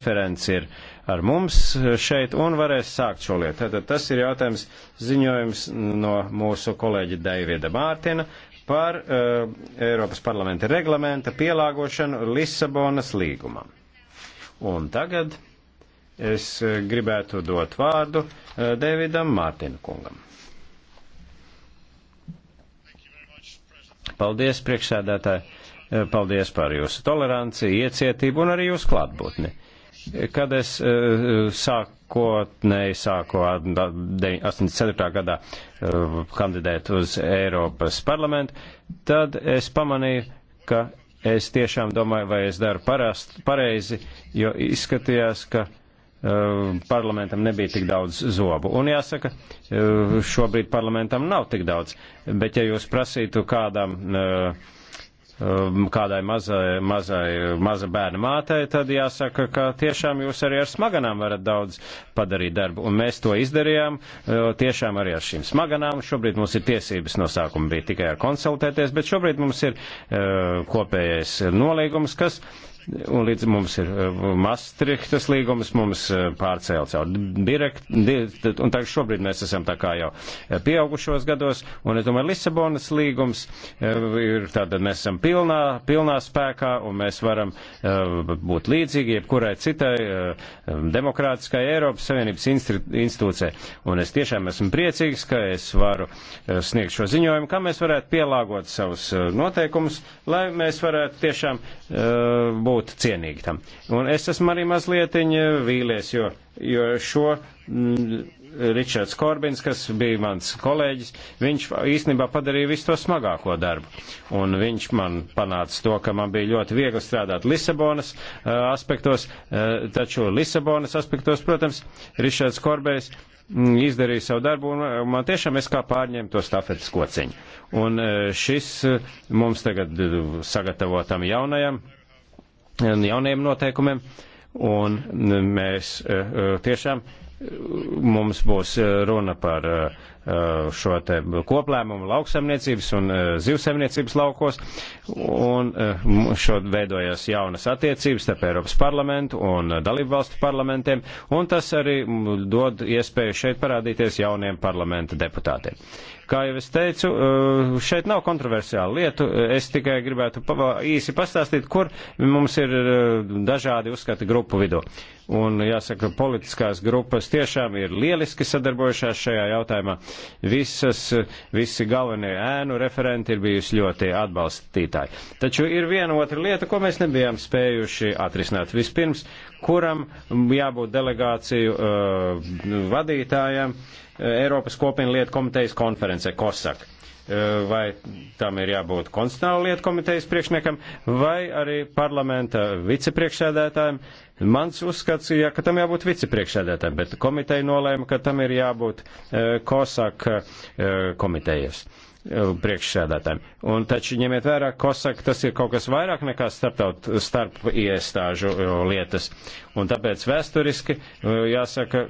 referents ir ar mums šeit un varēs sākt šo lietu. Tātad tas ir jautājums ziņojums no mūsu kolēģa Daivida Mārtina par uh, Eiropas parlamenta reglamenta pielāgošanu Lisabonas līgumam. Un tagad es eh, gribētu dot vārdu uh, Davidam Mārtina kungam. Paldies, priekšsēdētāji! Paldies par jūsu toleranci, iecietību un arī jūsu klātbūtni. Uh, Kad es eh, sākotnēji sāku 84. gadā eh, kandidēt uz Eiropas parlamentu, tad es pamanīju, ka es tiešām domāju, vai es daru parast, pareizi, jo izskatījās, ka eh, parlamentam nebija tik daudz zobu. Un jāsaka, šobrīd parlamentam nav tik daudz, bet ja jūs prasītu kādam uh, Um, kādai mazai, mazai, maza bērna mātei, tad jāsaka, ka tiešām jūs arī ar smaganām varat daudz padarīt darbu. Un mēs to izdarījām uh, tiešām arī ar šīm smaganām. Šobrīd mums ir tiesības no sākuma bija tikai ar konsultēties, bet šobrīd mums ir uh, kopējais nolīgums, kas Un līdz mums ir eh, Maastrichtas līgums, mums eh, pārcēlts jau direkt, direkt, un tagad šobrīd mēs esam tā kā jau eh, pieaugušos gados, un es domāju, Lisabonas līgums ir tātad mēs esam pilnā, pilnā spēkā, un mēs varam būt līdzīgi jebkurai citai demokrātiskai Eiropas Savienības institūcijai. Un es tiešām esmu priecīgs, ka es varu sniegt šo ziņojumu, kā mēs varētu pielāgot savus noteikumus, lai mēs varētu tiešām būt būt cienīgi tam. Un es esmu arī mazliet vīlies, jo, jo šo m, mm, Ričards Korbins, kas bija mans kolēģis, viņš īstenībā padarīja visu to smagāko darbu. Un viņš man panāca to, ka man bija ļoti viegli strādāt Lisabonas uh, aspektos, uh, taču Lisabonas aspektos, protams, Ričards Korbējs mm, izdarīju savu darbu, un man tiešām es kā pārņēmu to stafetes kociņu. Un šis mums tagad sagatavotam jaunajam jauniem noteikumiem, un mēs eh, eh, tiešām eh, mums būs runa par šo te koplēmumu lauksaimniecības un zivsaimniecības laukos, un šo veidojas jaunas attiecības starp Eiropas parlamentu un dalību valstu parlamentiem, un tas arī dod iespēju šeit parādīties jauniem parlamenta deputātiem. Kā jau es teicu, eh, šeit nav kontroversiāla lietu. Es tikai gribētu īsi pastāstīt, kur mums ir eh, dažādi uzskati grupu vidū. Un jāsaka, politiskās grupas tiešām ir lieliski sadarbojušās šajā jautājumā. Visas, visi galvenie ēnu referenti ir bijusi ļoti atbalstītāji. Taču ir viena otra lieta, ko mēs nebijām spējuši atrisināt. Vispirms, kuram jābūt delegāciju uh, vadītājam uh, Eiropas kopienu lietu komitejas konferencē COSAK uh, vai tam ir jābūt konstitucionāla lietu komitejas priekšniekam, vai arī parlamenta vicepriekšsēdētājiem, Mans uzskats, ja, ka tam jābūt vicepriekšēdētājiem, bet komiteja nolēma, ka tam ir jābūt e, kosak e, eh, komitejas. E, Uh, priekšsēdētājiem. Un taču ņemiet vērā, Kosak, tas ir kaut kas vairāk nekā starptaut, starp iestāžu uh, lietas. Un tāpēc vēsturiski, uh, jāsaka,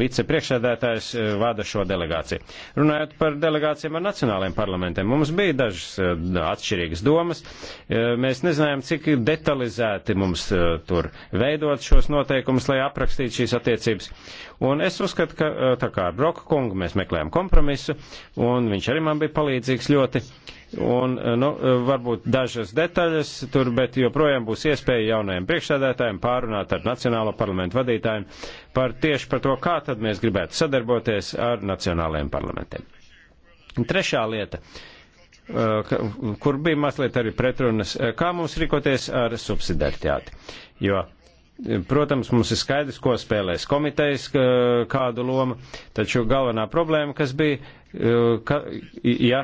vicepriekšsēdētājs vada šo delegāciju. Runājot par delegācijām ar nacionāliem parlamentiem, mums bija dažas atšķirīgas domas. Mēs nezinājām, cik detalizēti mums tur veidot šos noteikumus, lai aprakstītu šīs attiecības. Un es uzskatu, ka eh, tā kā ar Broka kungu mēs meklējam kompromisu, un viņš arī man bija palīdzīgs ļoti. Un, eh, nu, eh, varbūt dažas detaļas tur, bet joprojām būs iespēja jaunajiem priekšsēdētājiem pārunāt ar Nacionālo parlamentu vadītājiem par tieši par to, kā tad mēs gribētu sadarboties ar Nacionālajiem parlamentiem. Trešā lieta kur bija mazliet arī pretrunas, kā mums rīkoties ar subsidiaritāti. Jo Protams, mums ir skaidrs, ko spēlēs komitejas, kādu lomu, taču galvenā problēma, kas bija, e, ka, ja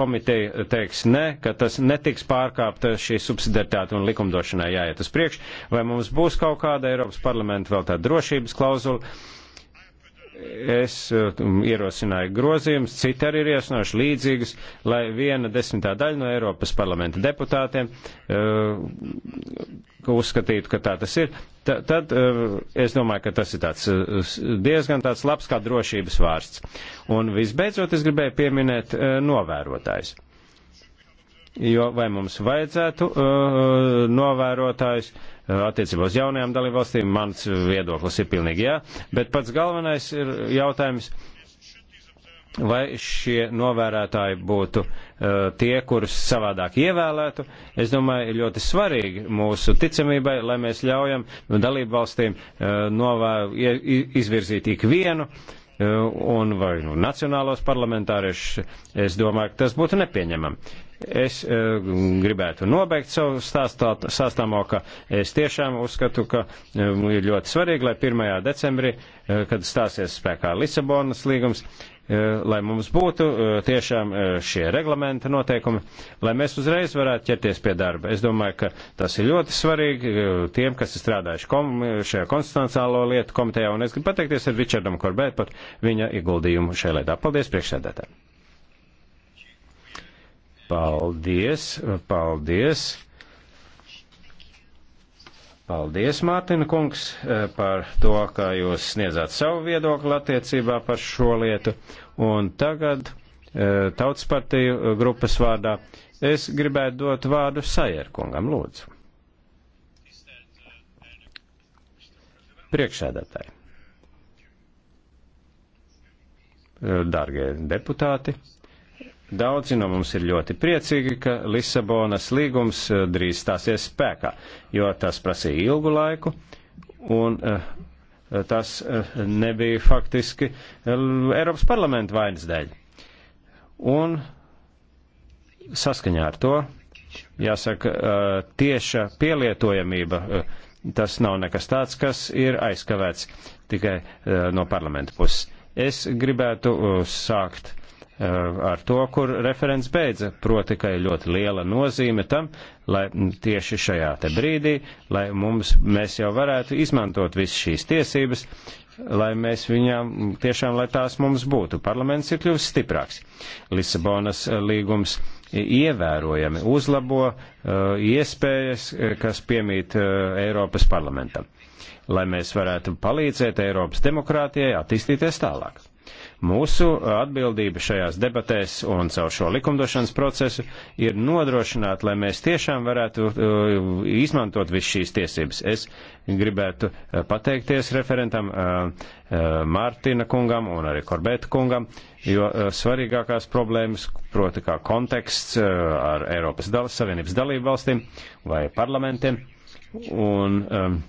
komiteja teiks ne, ka tas netiks pārkāpta šī subsidiaritāte un likumdošanai jāiet uz priekšu, vai mums būs kaut kāda Eiropas parlamenta vēl tāda drošības klauzula, es um, ierosināju grozījumus, citi arī ir iesnoši līdzīgus, lai viena desmitā daļa no Eiropas parlamenta deputātiem uh, uzskatītu, ka tā tas ir. T tad uh, es domāju, ka tas ir tāds uh, diezgan tāds labs kā drošības vārsts. Un visbeidzot es gribēju pieminēt novērotājs. Jo vai mums vajadzētu novērotājs? Eh, attiecībā uz jaunajām dalībvalstīm. Mans viedoklis ir pilnīgi jā, bet pats galvenais ir jautājums, vai šie novērotāji būtu uh, tie, kurus savādāk ievēlētu, es domāju, ir ļoti svarīgi mūsu ticamībai, lai mēs ļaujam dalību valstīm uh, eh, novē, izvirzīt ikvienu uh, un vai nu, nacionālos parlamentāriešus. Es domāju, ka tas būtu nepieņemami. Es e, gribētu nobeigt savu stāstāt, stāstāmo, ka es tiešām uzskatu, ka e, ir ļoti svarīgi, lai 1. decembrī, e, kad stāsies spēkā Lisabonas līgums, e, lai mums būtu e, tiešām e, šie reglamenta noteikumi, lai mēs uzreiz varētu ķerties pie darba. Es domāju, ka tas ir ļoti svarīgi e, tiem, kas ir strādājuši kom, šajā konstitucionālo lietu komitejā, un es gribu pateikties ar Ričardam Korbēt par viņa ieguldījumu šajā lietā. Paldies priekšsēdētājiem! Paldies, paldies. Paldies, Mārtiņa kungs, eh, par to, kā jūs sniedzāt savu viedokli attiecībā par šo lietu. Un tagad eh, Tautas partiju grupas vārdā es gribētu dot vārdu Sajerkungam, lūdzu. Priekšsēdētāji. Eh, Dargie deputāti, Daudzi no mums ir ļoti priecīgi, ka Lisabonas līgums eh, drīz stāsies spēkā, jo tas prasīja ilgu laiku un eh, tas eh, nebija faktiski Eiropas parlamenta vainas dēļ. Un saskaņā ar to, jāsaka, tieša pielietojamība tas nav nekas tāds, kas ir aizkavēts tikai no parlamenta puses. Es gribētu sākt Eh, ar to, kur referents beidza, proti, ka ir ļoti liela nozīme tam, lai tieši šajā te brīdī, lai mums, mēs jau varētu izmantot visas šīs tiesības, lai mēs viņām tiešām, lai tās mums būtu. Parlaments ir kļuvis stiprāks. Lisabonas eh, līgums ievērojami uzlabo uh, iespējas, kas piemīt uh, Eiropas parlamentam, lai mēs varētu palīdzēt Eiropas demokrātijai attīstīties tālāk. Mūsu atbildība šajās debatēs un caur šo likumdošanas procesu ir nodrošināt, lai mēs tiešām varētu uh, izmantot visu šīs tiesības. Es gribētu uh, pateikties referentam uh, Mārtina kungam un arī Korbēta kungam, jo svarīgākās problēmas, proti kā konteksts ar Eiropas Savienības dalību valstīm vai parlamentiem un um,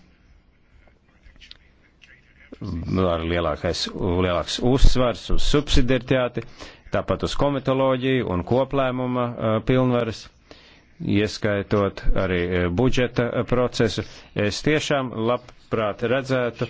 Nu, ar lielākais, lielāks uzsvars uz subsidiaritāti, tāpat uz komitoloģiju un koplēmuma pilnvaras, ieskaitot arī budžeta procesu. Es tiešām labprāt redzētu,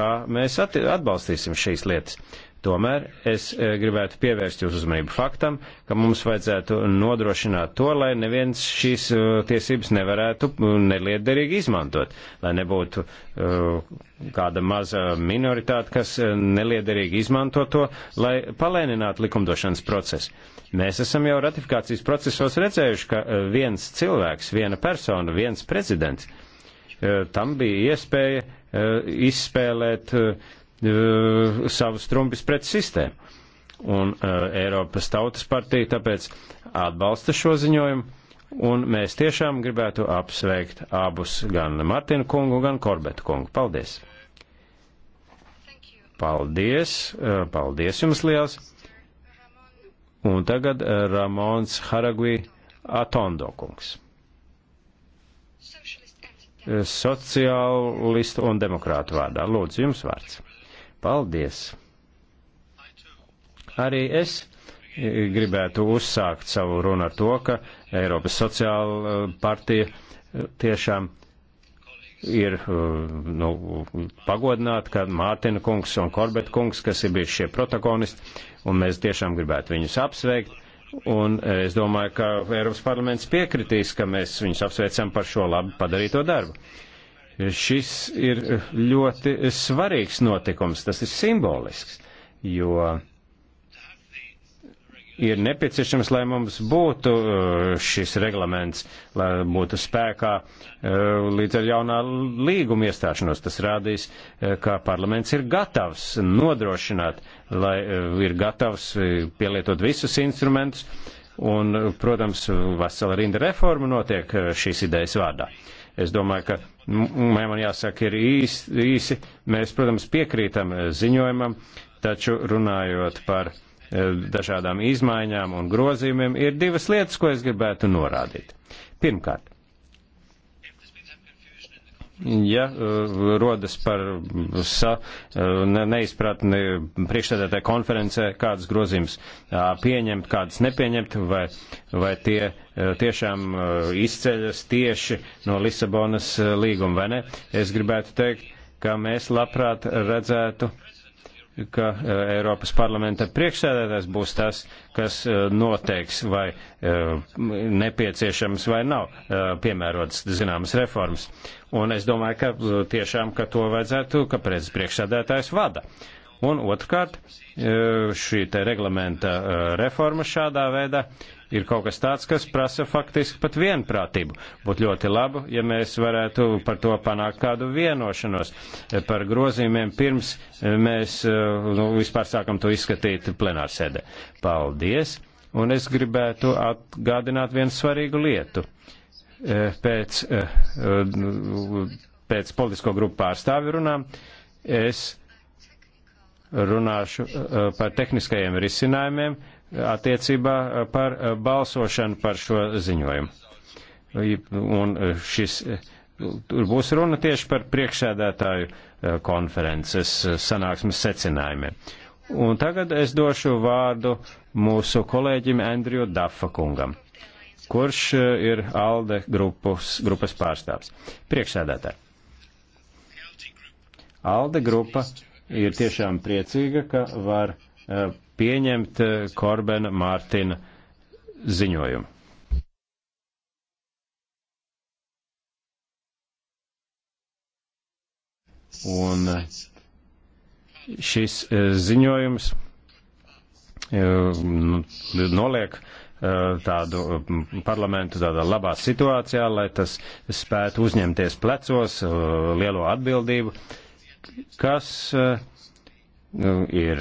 kā mēs atbalstīsim šīs lietas. Tomēr es e, gribētu pievērst jūsu uzmanību faktam, ka mums vajadzētu nodrošināt to, lai neviens šīs e, tiesības nevarētu neliederīgi izmantot, lai nebūtu e, kāda maza minoritāte, kas neliederīgi izmanto to, lai palēninātu likumdošanas procesu. Mēs esam jau ratifikācijas procesos redzējuši, ka viens cilvēks, viena persona, viens prezidents, tam bija iespēja izspēlēt uh, Eh, savus trumpis pret sistēmu. Un uh, Eiropas Tautas partija tāpēc atbalsta šo ziņojumu, un mēs tiešām gribētu apsveikt abus gan Martinu kungu, gan Korbetu kungu. Paldies! Paldies! Uh, paldies jums liels! Un tagad uh, Ramons Haragui Atondo kungs sociālistu un demokrātu vārdā. Lūdzu, jums vārds. Paldies! Arī es gribētu uzsākt savu runu ar to, ka Eiropas sociāla uh, partija uh, tiešām ir uh, nu, pagodināta, ka Mārtiņa kungs un Korbet kungs, kas ir bijuši šie protagonisti, un mēs tiešām gribētu viņus apsveikt. Un es domāju, ka Eiropas parlaments piekritīs, ka mēs viņus apsveicam par šo labi padarīto darbu. Šis ir ļoti svarīgs notikums, tas ir simbolisks, jo ir nepieciešams, lai mums būtu uh, šis reglaments, lai būtu spēkā uh, līdz ar jaunā līguma iestāšanos. Tas rādīs, uh, ka parlaments ir gatavs nodrošināt, lai ir gatavs pielietot visus instrumentus, un, protams, vesela rinda reforma notiek šīs idejas vārdā. Es domāju, ka man jāsaka, ir īsi, īsi. Mēs, protams, piekrītam eh, ziņojumam, taču runājot par eh, dažādām izmaiņām un grozījumiem, ir divas lietas, ko es gribētu norādīt. Pirmkārt, ja eh, rodas par eh, sa, eh, neizpratni priekšstādātāja konferencē, kādas grozījums pieņemt, kādas nepieņemt, vai, vai tie tiešām izceļas tieši no Lisabonas līguma, vai ne? Es gribētu teikt, ka mēs labprāt redzētu ka e, Eiropas parlamenta priekšsēdētājs būs tas, kas e, noteiks, vai e, nepieciešams vai nav piemērotas zināmas reformas. Un es domāju, ka tiešām, ka to vajadzētu, ka priekšsēdētājs vada. Un otrkārt, šī te reglamenta reforma šādā veidā ir kaut kas tāds, kas prasa faktiski pat vienprātību. Būtu ļoti labi, ja mēs varētu par to panākt kādu vienošanos par grozījumiem pirms e, mēs e, nu, vispār sākam to izskatīt plenārsēdē. Paldies! Un es gribētu atgādināt vienu svarīgu lietu. E, pēc, pēc politisko grupu pārstāvi runām es runāšu par tehniskajiem risinājumiem, attiecībā eh, par eh, balsošanu par šo ziņojumu. Un eh, šis, tur būs runa tieši par priekšsēdētāju konferences sanāksmes secinājumiem. Un tagad es došu vārdu mūsu kolēģim Andriju Dafa kungam, kurš ir ALDE grupus, grupas pārstāvs. Priekšsēdētāji. ALDE grupa ir tiešām priecīga, ka var pieņemt eh, Korbena Mārtina ziņojumu. Un eh, šis eh, ziņojums nu, noliek tādu parlamentu tādā labā situācijā, lai tas spētu uzņemties plecos lielo atbildību, kas uh, Nu, ir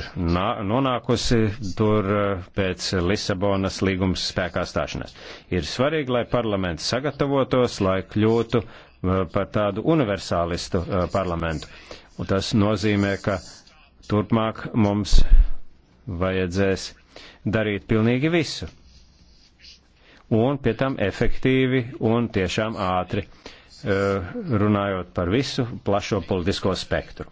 nonākusi tur eh, pēc Lisabonas līgums spēkā stāšanās. Ir svarīgi, lai parlaments sagatavotos, lai kļūtu eh, par tādu universālistu eh, parlamentu. Un tas nozīmē, ka turpmāk mums vajadzēs darīt pilnīgi visu. Un pie tam efektīvi un tiešām ātri runājot par visu plašo politisko spektru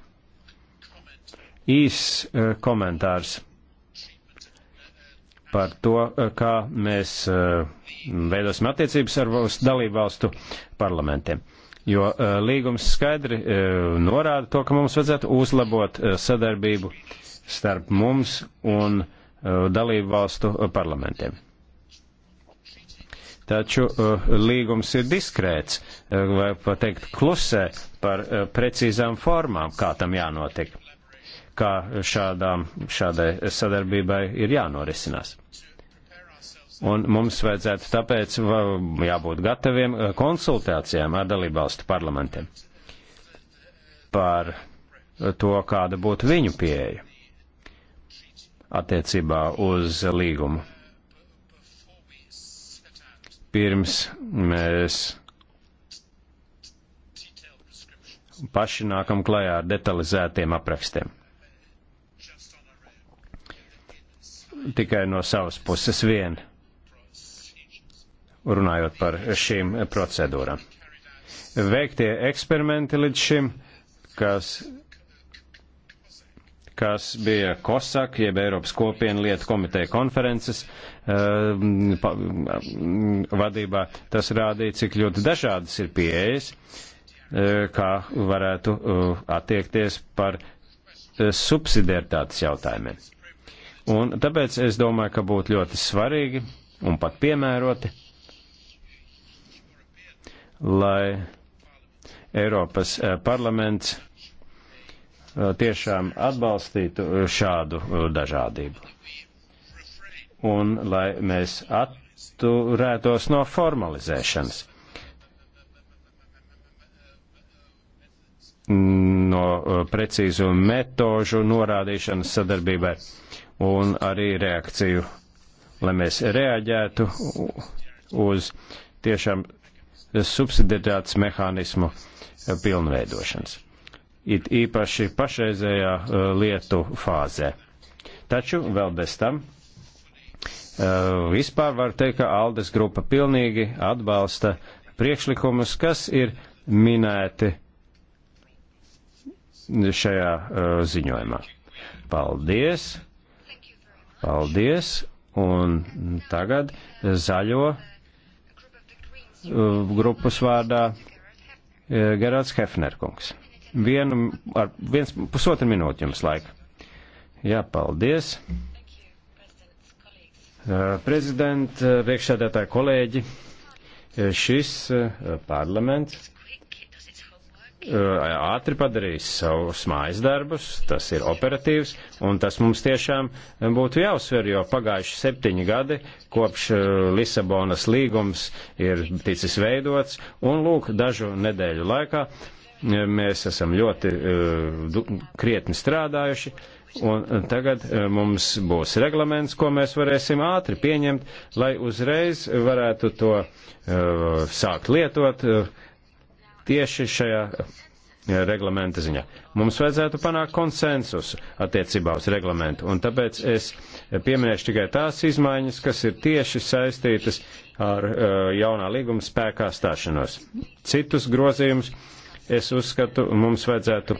īs eh, komentārs par to, eh, kā mēs eh, veidosim attiecības ar dalību valstu parlamentiem. Jo līgums skaidri norāda to, ka mums vajadzētu uzlabot sadarbību starp mums un dalību valstu parlamentiem. Taču līgums ir diskrēts, vai pateikt klusē par precīzām formām, kā tam jānotiek kā šādām, šādai sadarbībai ir jānorisinās. Un mums vajadzētu tāpēc jābūt gataviem konsultācijām ar dalībvalstu parlamentiem par to, kāda būtu viņu pieeja attiecībā uz līgumu. Pirms mēs paši nākam klajā ar detalizētiem aprakstiem. tikai no savas puses vien, runājot par šīm procedūrām. Veiktie eksperimenti līdz šim, kas, kas bija COSAC, jeb Eiropas kopienu lietu komiteja konferences uh, pa, mm, vadībā, tas rādīja, cik ļoti dažādas ir pieejas, uh, kā varētu uh, attiekties par subsidiaritātes jautājumiem Un tāpēc es domāju, ka būtu ļoti svarīgi un pat piemēroti, lai Eiropas eh, parlaments eh, tiešām atbalstītu eh, šādu dažādību. Un lai mēs atturētos no formalizēšanas. no precīzu metožu norādīšanas sadarbībai un arī reakciju, lai mēs reaģētu uz tiešām subsidiaritātes mehānismu pilnveidošanas. It īpaši pašreizējā uh, lietu fāzē. Taču vēl bez tam uh, vispār var teikt, ka Aldes grupa pilnīgi atbalsta priekšlikumus, kas ir minēti šajā uh, ziņojumā. Paldies! Paldies! Un tagad zaļo uh, grupas vārdā uh, Gerāts Hefnerkungs. Vienu, ar viens pusotru minūti jums laika. Jā, paldies. Uh, prezident, priekšsēdētāji kolēģi, šis parlaments Uh, ātri padarīs savus mājas darbus, tas ir operatīvs, un tas mums tiešām būtu jāuzsver, jo pagājuši septiņi gadi kopš uh, Lisabonas līgums ir ticis veidots, un lūk, dažu nedēļu laikā uh, mēs esam ļoti krietni strādājuši, Un tagad mums būs reglaments, ko mēs varēsim ātri pieņemt, lai uzreiz varētu to uh, sākt lietot. Uh, tieši šajā eh, reglamenta ziņā. Mums vajadzētu panākt konsensus attiecībā uz reglamentu, un tāpēc es pieminēšu tikai tās izmaiņas, kas ir tieši saistītas ar eh, jaunā līguma spēkā stāšanos. Citus grozījumus es uzskatu, mums vajadzētu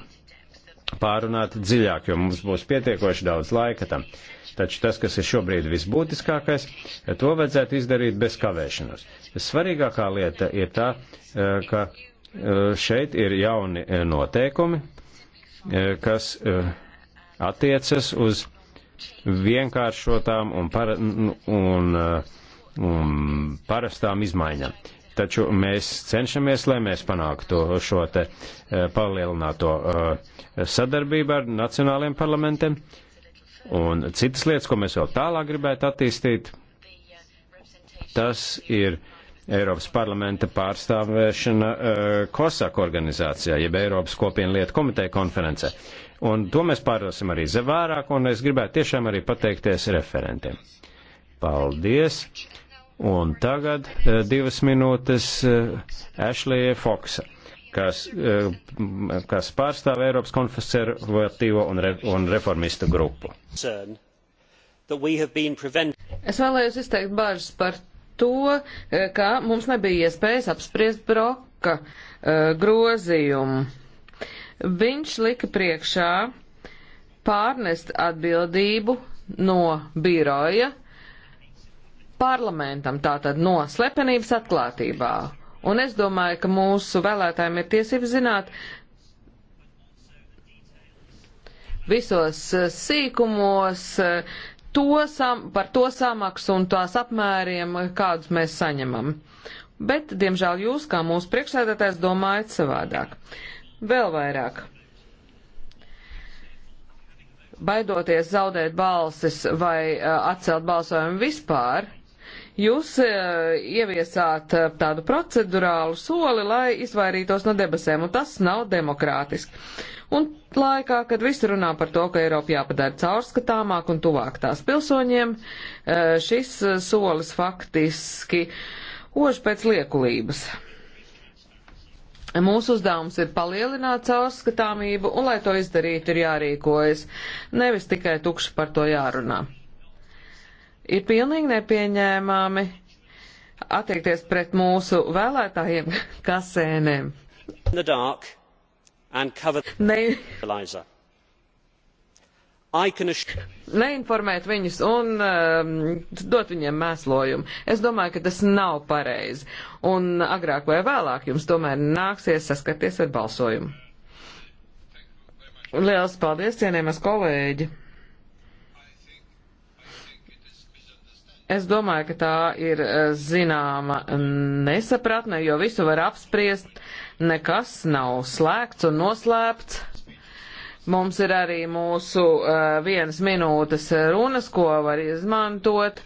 pārunāt dziļāk, jo mums būs pietiekoši daudz laika tam. Taču tas, kas ir šobrīd visbūtiskākais, to vajadzētu izdarīt bez kavēšanos. Svarīgākā lieta ir tā, eh, ka Eh, šeit ir jauni eh, noteikumi, eh, kas attiecas uz vienkāršotām un, para, un, un parastām izmaiņām. Taču mēs cenšamies, lai mēs panāktu šo te palielināto sadarbību ar nacionāliem parlamentiem un citas lietas, ko mēs vēl tālāk gribētu attīstīt. Tas ir uh, Eiropas parlamenta pārstāvēšana COSAC eh, organizācijā, jeb Eiropas kopienu lietu komiteja konferencē. Un to mēs pārdosim arī zavārāk, un es gribētu tiešām arī pateikties referentiem. Paldies! Un tagad eh, divas minūtes Ešlijai eh, Foksa, kas, kas pārstāv Eiropas konservatīvo un, re, un reformistu grupu. Es vēlējos izteikt bāžas par to, eh, ka mums nebija iespējas apspriest broka eh, grozījumu. Viņš lika priekšā pārnest atbildību no biroja parlamentam, tātad no slepenības atklātībā. Un es domāju, ka mūsu vēlētājiem ir tiesības zināt visos eh, sīkumos, to sam, par to samaksu un tās apmēriem, kādus mēs saņemam. Bet, diemžēl, jūs, kā mūsu priekšsēdētājs, domājat savādāk. Vēl vairāk. Baidoties zaudēt balsis vai uh, atcelt balsojumu vispār, Jūs eh, ieviesāt eh, tādu procedurālu soli, lai izvairītos no debesēm, un tas nav demokrātiski. Un laikā, kad visi runā par to, ka Eiropa jāpadara caurskatāmāk un tuvāk tās pilsoņiem, eh, šis solis faktiski ož pēc liekulības. Mūsu uzdevums ir palielināt caurskatāmību, un, lai to izdarītu, ir jārīkojas, nevis tikai tukši par to jārunā ir pilnīgi nepieņēmami attiekties pret mūsu vēlētājiem kasēnēm. Ne... Neinformēt viņus un um, dot viņiem mēslojumu. Es domāju, ka tas nav pareizi. Un agrāk vai vēlāk jums tomēr nāksies saskarties ar balsojumu. Lielas paldies, cienījamas kolēģi! Es domāju, ka tā ir eh, zināma nesapratne, jo visu var apspriest, nekas nav slēgts un noslēpts. Mums ir arī mūsu uh, vienas minūtes runas, ko var izmantot,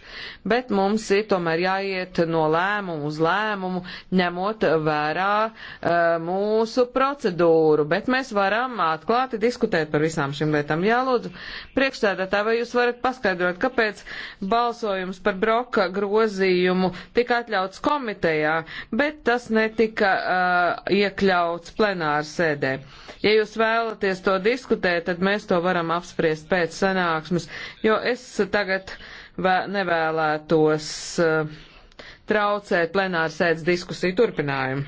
bet mums ir tomēr jāiet no lēmumu uz lēmumu, ņemot vērā uh, mūsu procedūru, bet mēs varam atklāti diskutēt par visām šīm lietām. Jā, lūdzu, priekšstādātā, vai jūs varat paskaidrot, kāpēc balsojums par broka grozījumu tika atļauts komitejā, bet tas netika uh, iekļauts plenārsēdē? Ja jūs vēlaties to diskutēt, diskutē, tad mēs to varam apspriest pēc sanāksmes, jo es tagad nevēlētos uh, traucēt plenāru sēdes diskusiju turpinājumu.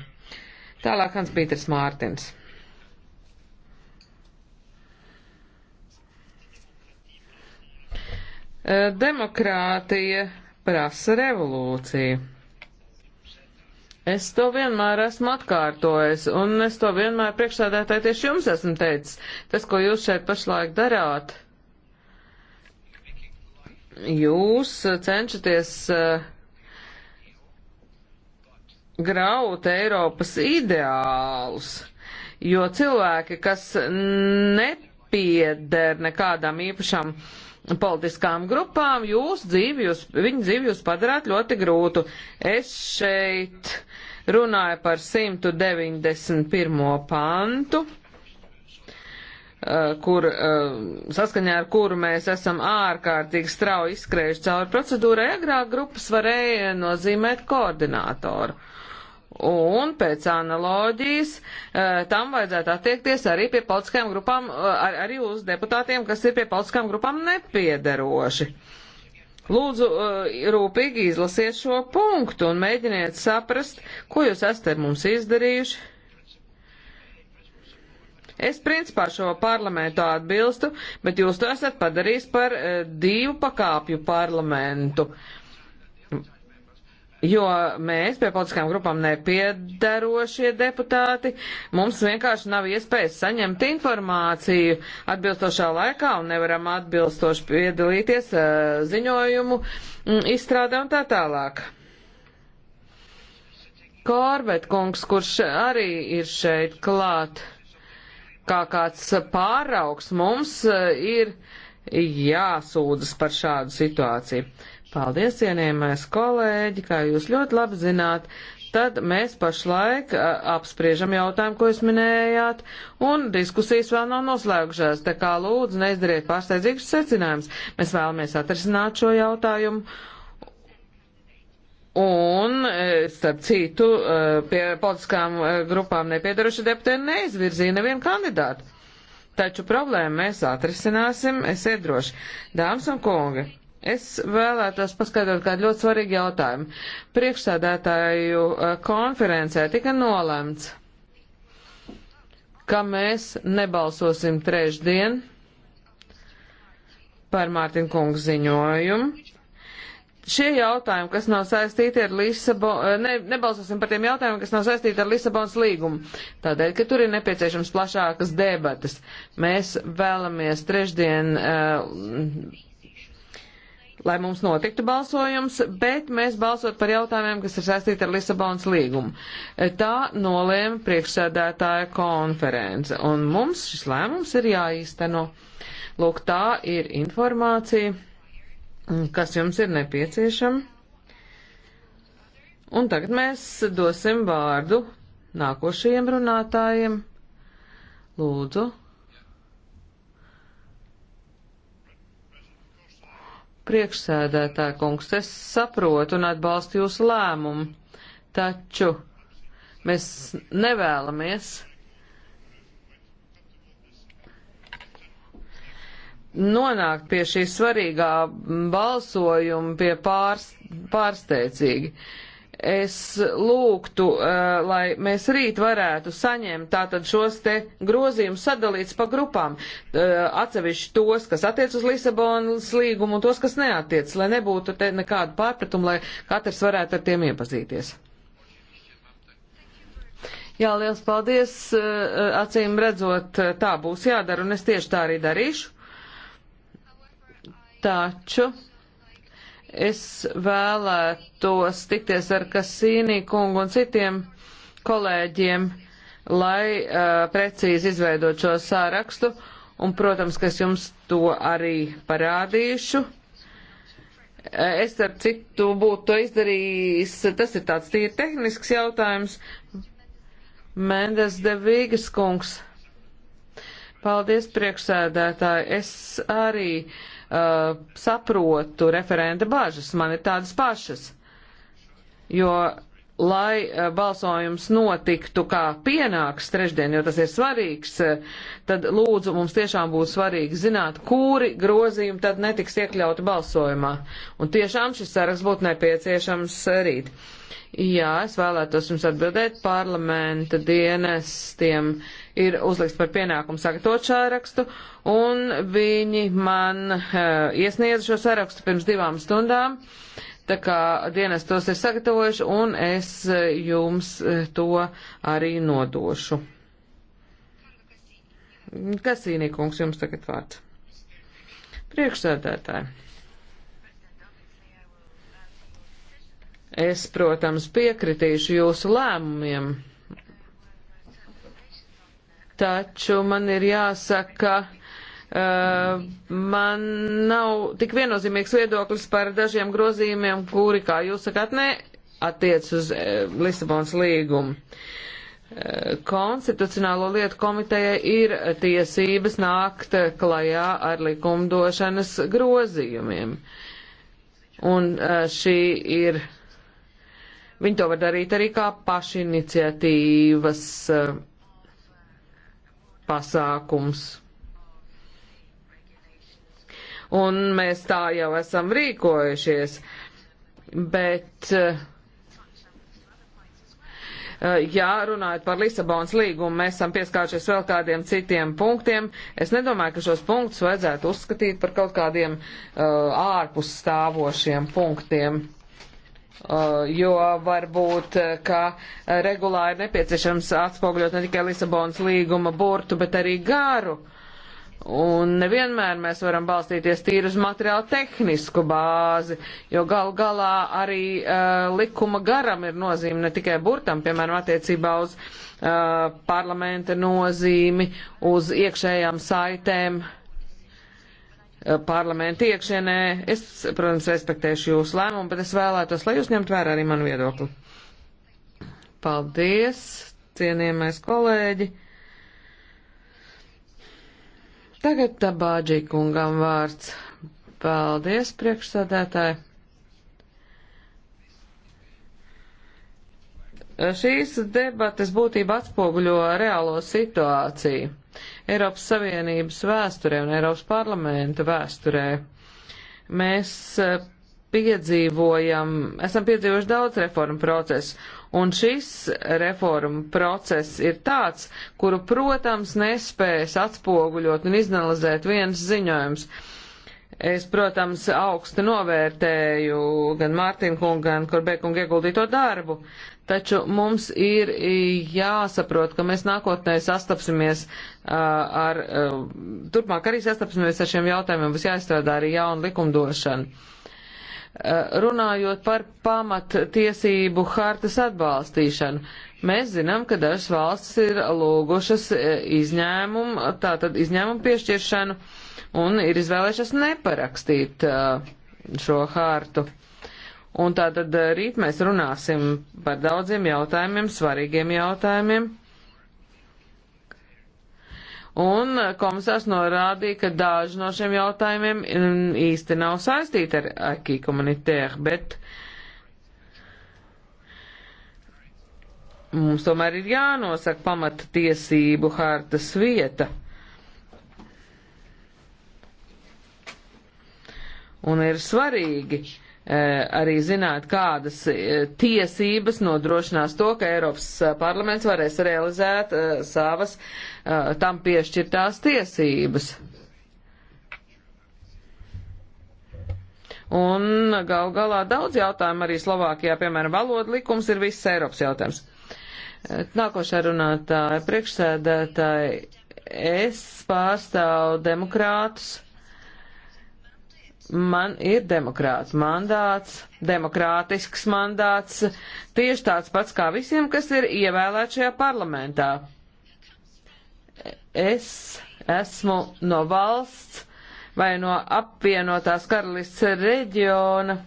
Tālāk Hans Pīters Mārtins. Eh, demokrātija prasa revolūciju. Es to vienmēr esmu atkārtojis, un es to vienmēr priekšsēdētāji tieši jums esmu teicis. Tas, ko jūs šeit pašlaik darāt, jūs uh, cenšaties uh, graut Eiropas ideālus, jo cilvēki, kas nepieder nekādam īpašam uh, politiskām grupām, jūs dzīvi, jūs, viņu dzīvi jūs padarāt ļoti grūtu. Es šeit runāju par 191. pantu, eh, kur, eh, saskaņā ar kuru mēs esam ārkārtīgi strauji izskrējuši cauri procedūrai, agrāk grupas varēja nozīmēt koordinātoru. Un pēc analoģijas eh, tam vajadzētu attiekties arī pie politiskajām grupām, eh, ar, arī uz deputātiem, kas ir pie politiskajām grupām nepiederoši. Lūdzu, eh, rūpīgi izlasiet šo punktu un mēģiniet saprast, ko jūs esat ar mums izdarījuši. Es principā šo parlamentu atbilstu, bet jūs to esat padarījis par divu pakāpju parlamentu. Uh, Jo mēs pie politiskām grupām nepiedarošie deputāti, mums vienkārši nav iespējas saņemt informāciju atbilstošā laikā un nevaram atbilstoši piedalīties ziņojumu izstrādē un tā tālāk. Korbet kungs, kurš arī ir šeit klāt, kā kāds pāraugs mums ir jāsūdzas par šādu situāciju. Paldies, cienījamais kolēģi, kā jūs ļoti labi zināt, tad mēs pašlaik a, apspriežam jautājumu, ko jūs minējāt, un diskusijas vēl nav noslēgušās, tā kā lūdzu neizdariet pārsteidzīgus secinājumus. Mēs vēlamies atrisināt šo jautājumu. Un, e, starp citu, e, pie politiskām e, grupām nepiedaruši deputēni neizvirzīja nevienu kandidātu. Taču problēmu mēs atrisināsim, es iedrošu. Dāmas un kungi, Es vēlētos paskaidrot kādu ļoti svarīgu jautājumu. Priekšsēdētāju eh, konferencē tika nolemts, ka mēs nebalsosim trešdien par Mārtiņu kungu ziņojumu. Šie jautājumi, kas nav saistīti ar Lisabonu, eh, ne, nebalsosim par tiem jautājumiem, kas nav saistīti ar Lisabonas līgumu, tādēļ, ka tur ir nepieciešams plašākas debatas. Mēs vēlamies trešdien uh, lai mums notiktu balsojums, bet mēs balsot par jautājumiem, kas ir saistīti ar Lisabonas līgumu. Tā nolēma priekšsēdētāja konference, un mums šis lēmums ir jāīsteno. Lūk, tā ir informācija, kas jums ir nepieciešama. Un tagad mēs dosim vārdu nākošajiem runātājiem. Lūdzu. Priekšsēdētā kungs, es saprotu un atbalstu jūsu lēmumu, taču mēs nevēlamies nonākt pie šī svarīgā balsojuma, pie pārs, pārsteidzīgi. Uh, es lūgtu, uh, lai mēs rīt varētu saņemt tātad šos te grozījumus sadalīts pa grupām, uh, atsevišķi tos, kas attiec uz Lisabonas līgumu un tos, kas neattiec, lai nebūtu te nekādu pārpratumu, lai katrs varētu ar tiem iepazīties. Jā, liels paldies, uh, acīm redzot, tā būs jādara un es tieši tā arī darīšu. Taču. Es vēlētos tikties ar Kasīnī kungu un citiem kolēģiem, lai uh, precīzi izveidot šo sārakstu, un, protams, ka es jums to arī parādīšu. Uh, es ar citu būtu to izdarījis, tas ir tāds tīri tehnisks jautājums. Mendes de Vīgas kungs. Paldies, priekšsēdētāji. Es arī uh, Uh, saprotu referenta bažas, man ir tādas pašas. Jo lai eh, balsojums notiktu kā pienāks trešdien, jo tas ir svarīgs, eh, tad lūdzu mums tiešām būs svarīgi zināt, kuri grozījumi tad netiks iekļauti balsojumā. Un tiešām šis saraksts būtu nepieciešams eh, rīt. Jā, es vēlētos jums atbildēt. Parlamenta dienestiem ir uzlikts par pienākumu sagatavot sārakstu, un viņi man uh, iesniedza šo sārakstu pirms divām stundām. Uh, Tā kā dienas tos ir sagatavojuši, un es eh, jums eh, to arī nodošu. Kasīnī kungs, jums tagad vārds. Priekšsēdētāji. Es, protams, piekritīšu jūsu lēmumiem, taču man ir jāsaka, ka Uh, man nav tik viennozīmīgs viedoklis par dažiem grozījumiem, kuri, kā jūs sakāt, ne attiec uz uh, Lisabonas līgumu. Uh, Konstitucionālo lietu komiteja ir tiesības nākt klajā ar likumdošanas grozījumiem. Un uh, šī ir, viņi to var darīt arī kā pašiniciatīvas uh, pasākums un mēs tā jau esam rīkojušies. Bet, eh, eh, ja runājot par Lisabonas līgumu, mēs esam pieskāršies vēl kādiem citiem punktiem. Es nedomāju, ka šos punktus vajadzētu uzskatīt par kaut kādiem uh, ārpus stāvošiem punktiem. Uh, jo varbūt, ka regulā ir nepieciešams atspoguļot ne tikai Lisabonas līguma burtu, bet arī garu. Uh, Un nevienmēr mēs varam balstīties tīri uz materiālu tehnisku bāzi, jo gal galā arī uh, likuma garam ir nozīme ne tikai burtam, piemēram, attiecībā uz uh, parlamenta nozīmi, uz iekšējām saitēm uh, parlamenta iekšienē. Es, protams, respektēšu jūsu lēmumu, bet es vēlētos, lai jūs ņemt vērā arī manu viedokli. Paldies, cienījamais kolēģi! Tagad Tabāģī kungam vārds. Paldies, priekšsādētāji. Šīs debates būtībā atspoguļo reālo situāciju Eiropas Savienības vēsturē un Eiropas parlamenta vēsturē. Mēs eh, piedzīvojam, esam piedzīvojuši daudz reformu procesu, un šis reformu process ir tāds, kuru, protams, nespējas atspoguļot un izanalizēt viens ziņojums. Es, protams, augstu novērtēju gan Mārtiņu kungu, gan Korbekungu ieguldīto darbu, taču mums ir jāsaprot, ka mēs nākotnē sastapsimies uh, ar, uh, turpmāk arī sastapsimies ar šiem jautājumiem, būs jāizstrādā arī jauna likumdošana. Eh, runājot par pamattiesību hartas atbalstīšanu. Mēs zinām, ka dažas valstis ir lūgušas eh, izņēmumu, tātad izņēmumu piešķiršanu un ir izvēlējušas neparakstīt eh, šo hartu. Un tātad rīt mēs runāsim par daudziem jautājumiem, svarīgiem jautājumiem. Un komisārs norādīja, ka daži no šiem jautājumiem mm, īsti nav saistīti ar akī komunitēru, bet mums tomēr ir jānosaka pamata tiesību hartas vieta. Un ir svarīgi, Eh, arī zināt, kādas eh, tiesības nodrošinās to, ka Eiropas eh, parlaments varēs realizēt savas tam piešķirtās tiesības. Un gal galā daudz jautājumu arī Slovākijā, piemēram, valoda likums ir viss Eiropas jautājums. Nākošā runātāja priekšsēdētāja, es pārstāvu demokrātus man ir demokrāts mandāts, demokrātisks mandāts, tieši tāds pats kā visiem, kas ir ievēlēti šajā parlamentā. Es esmu no valsts vai no apvienotās karalists reģiona,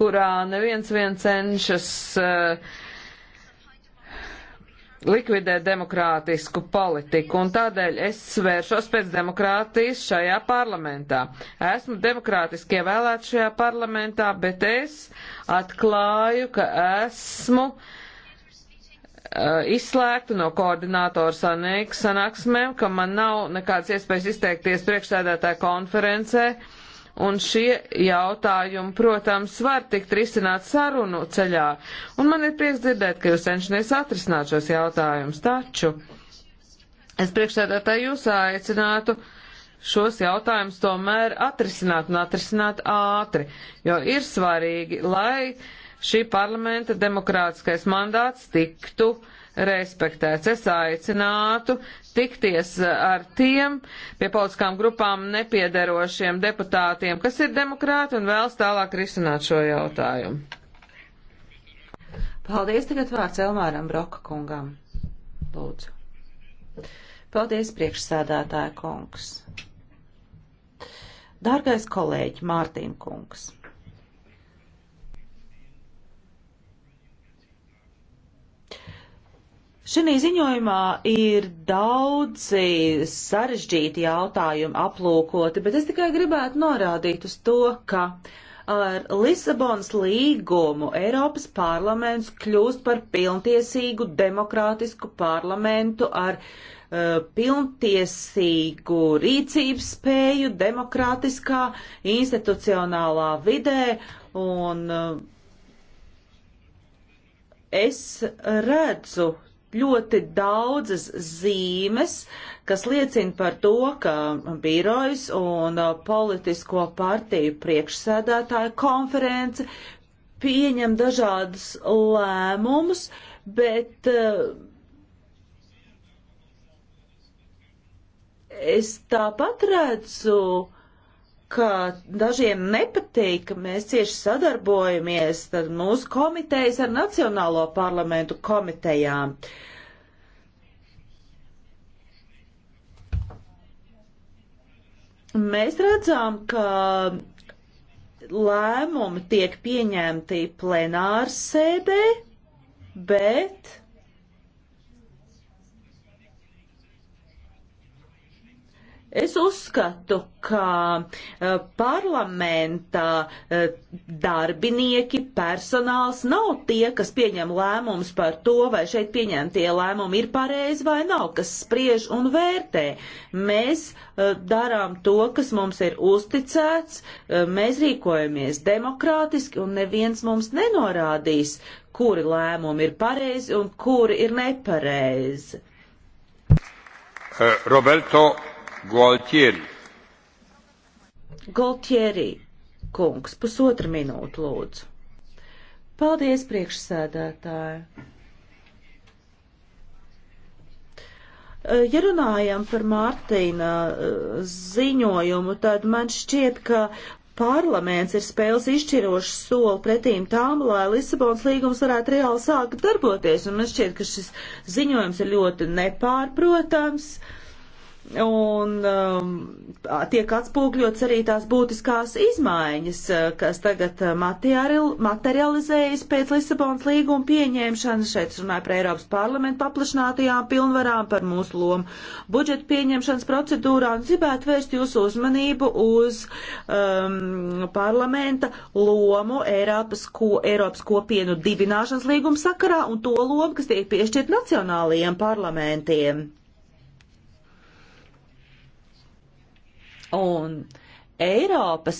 kurā neviens vien cenšas uh, likvidē demokrātisku politiku, un tādēļ es svēršos pēc demokrātijas šajā parlamentā. Esmu demokrātiski ievēlēts šajā parlamentā, bet es atklāju, ka esmu uh, izslēgta no koordinātora sanāksmēm, ka man nav nekādas iespējas izteikties priekšsēdētāja konferencē. Uh, un šie jautājumi, protams, var tikt risināt sarunu ceļā, un man ir prieks dzirdēt, ka jūs cenšaties atrisināt šos jautājumus, taču es priekšsēdētāji jūs aicinātu šos jautājumus tomēr atrisināt un atrisināt ātri, jo ir svarīgi, lai šī parlamenta demokrātiskais mandāts tiktu uh, respektēts. Es aicinātu tikties ar tiem pie politiskām grupām nepiederošiem deputātiem, kas ir demokrāti un vēlas tālāk risināt šo jautājumu. Paldies tagad vārds Elmāram Broka kungam. Lūdzu. Paldies priekšsēdētāja kungs. Dārgais kolēģi Mārtiņ kungs. Šī ziņojumā ir daudzi sarežģīti jautājumi aplūkoti, bet es tikai gribētu norādīt uz to, ka ar Lisabonas līgumu Eiropas parlaments kļūst par pilntiesīgu demokrātisku parlamentu ar uh, pilntiesīgu rīcības spēju demokrātiskā institucionālā vidē un uh, es redzu ļoti daudzas zīmes, kas liecina par to, ka birojs un uh, politisko partiju priekšsēdētāja konference pieņem dažādus lēmumus, bet uh, es tāpat redzu, uh, ka dažiem nepatīk, ka mēs cieši sadarbojamies mūsu komitejas ar Nacionālo parlamentu komitejām. Mēs redzam, ka lēmumi tiek pieņemti plenārsēdē, bet Es uzskatu, ka uh, parlamenta uh, darbinieki, personāls nav tie, kas pieņem lēmumus par to, vai šeit pieņemtie lēmumi ir pareizi vai nav, kas spriež un vērtē. Mēs uh, darām to, kas mums ir uzticēts, mēs rīkojamies demokrātiski un neviens mums nenorādīs, kuri lēmumi ir pareizi un kuri ir nepareizi. Roberto Gualtieri. Gualtieri kungs, pusotra minūte lūdzu. Paldies, priekšsēdētāji. Ja runājam par Mārtiņa eh, ziņojumu, tad man šķiet, ka parlaments ir spēles izšķirošu soli pretīm tām, lai Lisabons līgums varētu reāli sākt darboties, un man šķiet, ka šis ziņojums ir ļoti nepārprotams. Uh, un um, tiek atspūgļots arī tās būtiskās izmaiņas, kas tagad materializējas pēc Lisabonas līguma pieņemšanas. Šeit runāja par Eiropas parlamentu paplašinātajām pilnvarām, par mūsu lomu budžeta pieņemšanas procedūrā un gribētu vērst jūsu uzmanību uz um, parlamenta lomu Eiropas, ko, Eiropas kopienu dibināšanas līguma sakarā un to lomu, kas tiek piešķirt nacionālajiem parlamentiem. Un Eiropas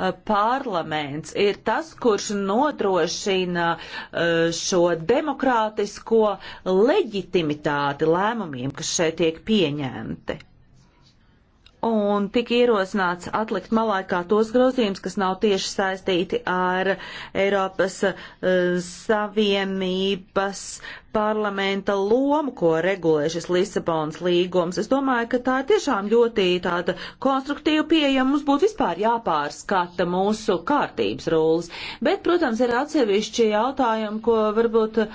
uh, parlaments ir tas, kurš nodrošina uh, šo demokrātisko leģitimitāti lēmumiem, kas šeit tiek pieņemti un tika ierosināts atlikt malā kā tos grozījumus, kas nav tieši saistīti ar Eiropas uh, Savienības parlamenta lomu, ko regulē šis Lisabonas līgums. Es domāju, ka tā ir tiešām ļoti tāda konstruktīva pieeja. Mums būtu vispār jāpārskata mūsu kārtības rūles. Bet, protams, ir atsevišķi jautājumi, ko varbūt uh,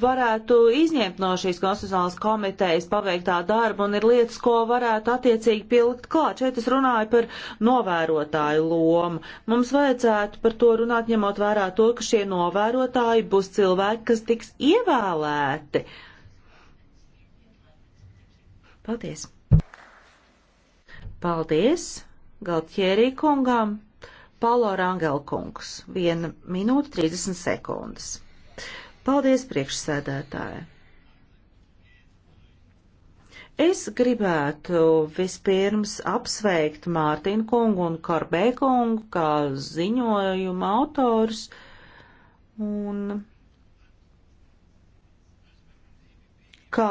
varētu izņemt no šīs konstitucionālas komitejas paveiktā darba un ir lietas, ko varētu attiecīgi pilgt klāt. Šeit es runāju par novērotāju lomu. Mums vajadzētu par to runāt, ņemot vērā to, ka šie novērotāji būs cilvēki, kas tiks ievēlēti. Paldies! Paldies Galtjērī kungām! Paulo Rangelkungs, 1 minūte 30 sekundes. Paldies priekšsēdētāji! Es gribētu vispirms apsveikt Mārtiņu kungu un Korbē kungu kā ziņojuma autors. Un kā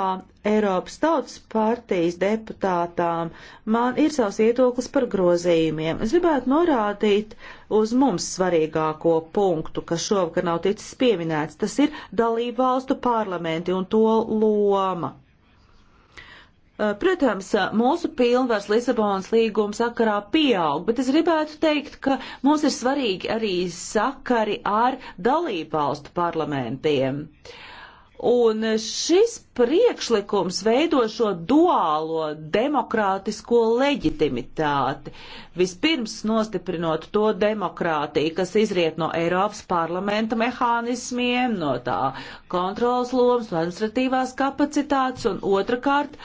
Eiropas Tautas partijas deputātām man ir savs viedoklis par grozījumiem. Es gribētu norādīt uz mums svarīgāko punktu, kas šovakar nav ticis pieminēts. Tas ir dalību valstu parlamenti un to loma Eh, protams, eh, mūsu pilnvars Lisabonas līguma sakarā pieaug, bet es gribētu teikt, ka mums ir svarīgi arī sakari ar dalībvalstu parlamentiem. Uh, Un šis priekšlikums veido šo duālo demokrātisko leģitimitāti. Vispirms nostiprinot to demokrātiju, kas izriet no Eiropas parlamenta mehānismiem, no tā kontrolas lomas, no administratīvās kapacitātes un otrkārt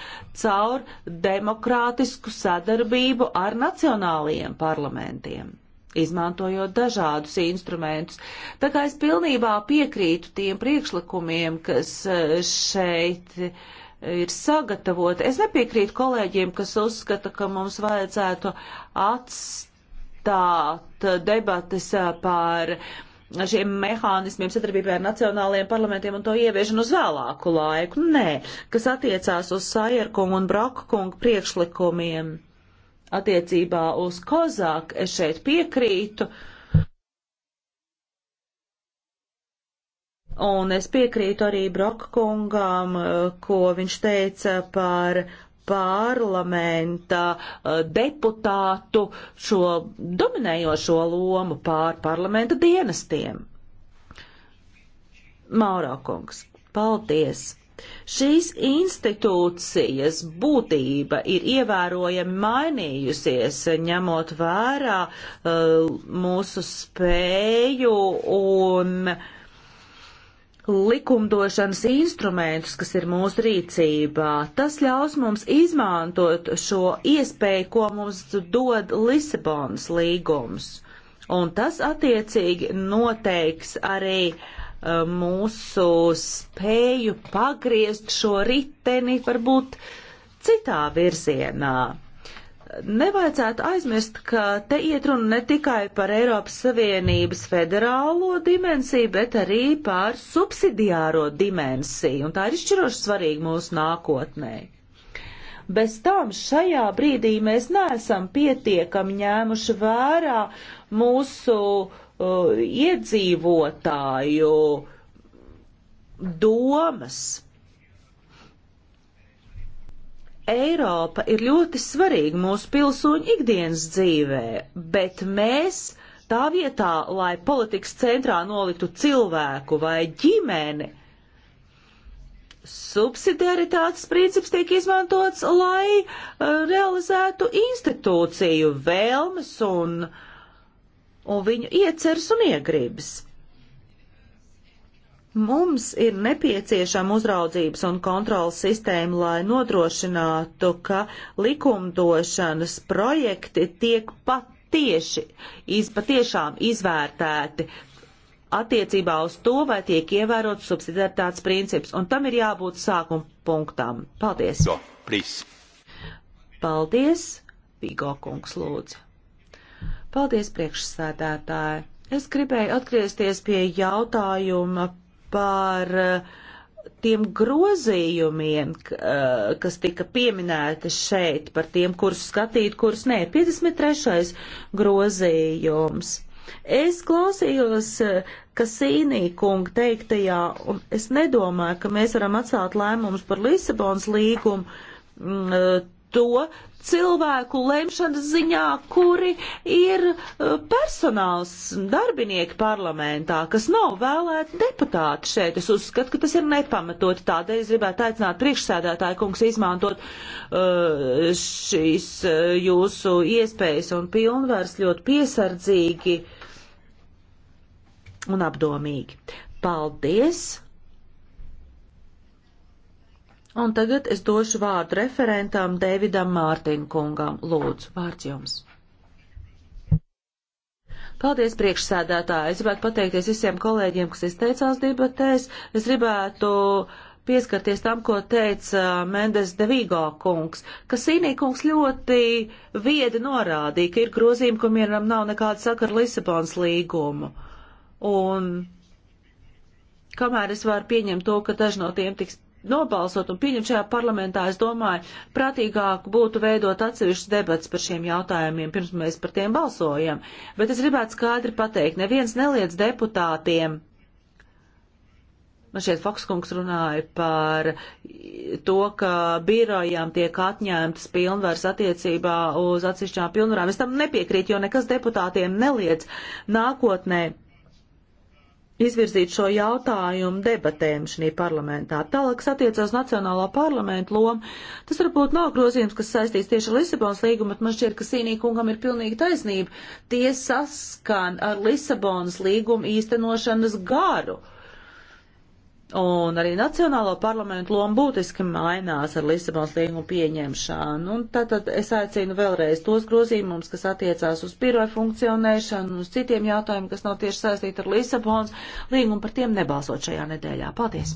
caur demokrātisku sadarbību ar nacionālajiem parlamentiem izmantojot dažādus instrumentus. Tā kā es pilnībā piekrītu tiem priekšlikumiem, kas eh, šeit eh, ir sagatavoti. Es nepiekrītu kolēģiem, kas uzskata, ka mums vajadzētu atstāt debates eh, par šiem mehānismiem sadarbībā ar nacionālajiem parlamentiem un to ieviešanu uz vēlāku laiku. Nē, kas attiecās uz Sajerkungu un Brokkungu priekšlikumiem attiecībā uz Kozāk es šeit piekrītu. Un es piekrītu arī Brokkungam, ko viņš teica par parlamenta eh, deputātu šo dominējošo lomu pār parlamenta dienestiem. Maurā kungs, paldies! Šīs institūcijas būtība ir ievērojami mainījusies, ņemot vērā uh, mūsu spēju un likumdošanas instrumentus, kas ir mūsu rīcībā. Tas ļaus mums izmantot šo iespēju, ko mums dod Lisabonas līgums. Un tas attiecīgi noteiks arī uh, mūsu spēju pagriezt šo riteni varbūt citā virzienā. Nevajadzētu aizmirst, ka te iet runa ne tikai par Eiropas Savienības federālo dimensiju, bet arī par subsidiāro dimensiju, un tā ir izšķiroši svarīga mūsu nākotnē. Bez tam šajā brīdī mēs neesam pietiekami ņēmuši vērā mūsu uh, uh, iedzīvotāju domas. Eiropa ir ļoti svarīga mūsu pilsoņu ikdienas dzīvē, bet mēs tā vietā, lai politikas centrā noliktu cilvēku vai ģimeni, subsidiaritātes princips tiek izmantots, lai uh, realizētu institūciju vēlmes un uh, un viņu ieceras un iegribas. Mums ir nepieciešama uzraudzības un kontrolas sistēma, lai nodrošinātu, ka likumdošanas projekti tiek patieši, iz, patiešām izvērtēti attiecībā uz to, vai tiek ievērots subsidiaritātes princips, un tam ir jābūt sākuma punktām. Paldies! Go, please. Paldies, Vigo kungs lūdzu. Paldies, priekšsēdētāji! Es gribēju atgriezties pie jautājuma par eh, tiem grozījumiem, eh, kas tika pieminēti šeit, par tiem, kurus skatīt, kurus nē. 53. grozījums. Es klausījos eh, Kasīnī kunga teiktajā, un es nedomāju, ka mēs varam atstāt lēmumus par Lisabonas līgumu mm, to cilvēku lemšanas ziņā, kuri ir eh, personāls darbinieki parlamentā, kas nav vēlēti deputāti šeit. Es uzskatu, ka tas ir nepamatot. Tādēļ es gribētu aicināt priekšsēdētāju kungs izmantot uh, šīs uh, jūsu iespējas un pilnvars ļoti piesardzīgi un apdomīgi. Paldies! Un tagad es došu vārdu referentam Dēvidam Mārtiņkungam. Lūdzu, vārds jums. Paldies, priekšsēdētāji. Es gribētu pateikties visiem kolēģiem, kas izteicās debatēs. Es gribētu pieskarties tam, ko teica Mendes de Vigo kungs, ka Sīnī kungs ļoti viedi norādīja, ka ir grozījumi, kam vienam nav nekāda sakara Lisabonas līgumu. Un kamēr es varu pieņemt to, ka daži no tiem tiks nobalsot un pieņemt šajā parlamentā, es domāju, prātīgāk būtu veidot atsevišķas debats par šiem jautājumiem, pirms mēs par tiem balsojam. Bet es gribētu skaidri pateikt, neviens neliedz deputātiem. Man šeit Fokskungs runāja par to, ka birojām tiek atņemtas pilnvaras attiecībā uz atsevišķām pilnvarām. Es tam nepiekrītu, jo nekas deputātiem neliedz nākotnē izvirzīt šo jautājumu debatēm šī parlamentā. Tālāk, kas attiecas Nacionālā parlamenta lomu, tas varbūt nav grozījums, kas saistīts tieši ar Lisabonas līgumu, bet man šķiet, ka Sīnīkungam ir pilnīgi taisnība. Tie saskan ar Lisabonas līgumu īstenošanas garu. Uh, Un arī Nacionālo parlamentu loma būtiski mainās ar Lisabonas līgumu pieņemšanu. Un tātad es aicinu vēlreiz tos grozījumus, kas attiecās uz biroju funkcionēšanu un uz citiem jautājumiem, kas nav tieši saistīti ar Lisabonas līgumu, par tiem nebalsot šajā nedēļā. Paldies!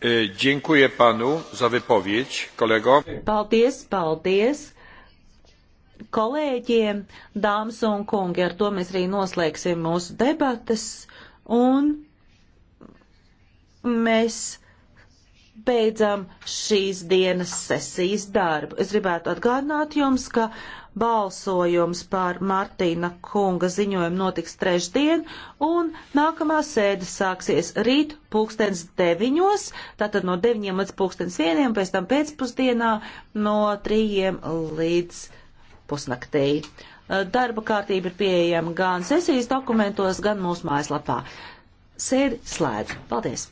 E, dziękuję panu za wypowiedź, kolego. Paldies, paldies kolēģiem, dāmas un kungi. Ar to mēs arī noslēgsim mūsu debatas. Un mēs beidzam šīs dienas sesijas darbu. Es gribētu atgādināt jums, ka balsojums par Martīna kunga ziņojumu notiks trešdien, un nākamā sēde sāksies rīt pulkstens deviņos, tātad no deviņiem līdz pulkstens vieniem, pēc tam pēcpusdienā no trījiem līdz pusnaktī. Darba kārtība ir pieejama gan sesijas dokumentos, gan mūsu mājaslapā. Sēdi slēdz. Paldies!